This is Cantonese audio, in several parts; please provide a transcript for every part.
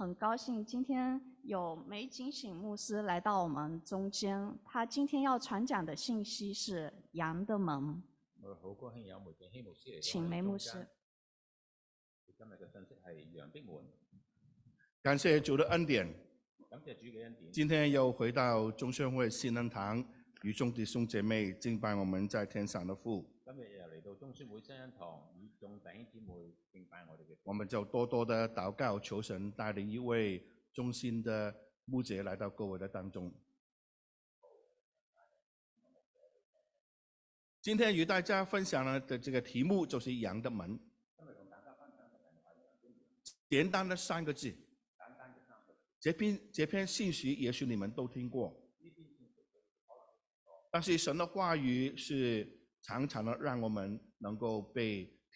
很高興今天有梅景禧牧師來到我們中間，他今天要傳講的信息是羊的門。好高興有梅景禧牧師嚟。請梅牧師。今日嘅信息係羊的門。感謝主的恩典。感謝主嘅恩典。今天又回到中宣會新人堂，與眾弟兄姐妹敬拜我們在天上的父。今日又嚟到中宣會新人堂。我們,我們就多多的禱告求神帶領一位忠心的牧者來到各位的當中。今天與大家分享呢的這個題目就是羊的門，簡單的三個字。這篇這篇信息也許你們都聽過，但是神的話語是常常的讓我們能夠被。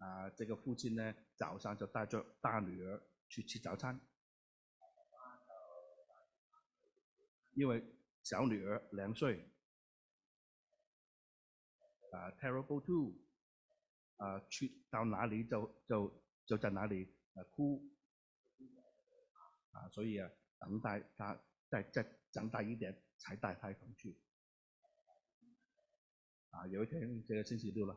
啊，這個父親呢，早上就帶着大女兒去吃早餐，因為小女兒兩歲。啊 terrible two，啊去到哪裡就就就在哪裡啊哭，啊所以啊等待他再再長大一點才帶佢一同去，啊有一天這個星期六了。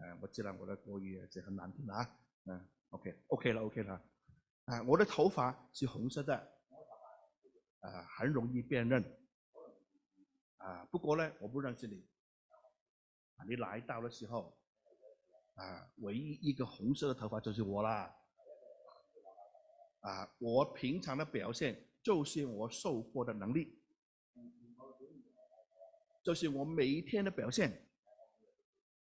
啊、我知道我的國語也是很難聽的啊。嗯、啊、OK，OK 了，OK 了。啊，我的頭髮是紅色的，啊，很容易辨認。啊，不過呢，我不認識你。你來到的時候，啊，唯一一個紅色的頭髮就是我啦。啊，我平常的表現就是我受過的能力，就是我每一天的表現。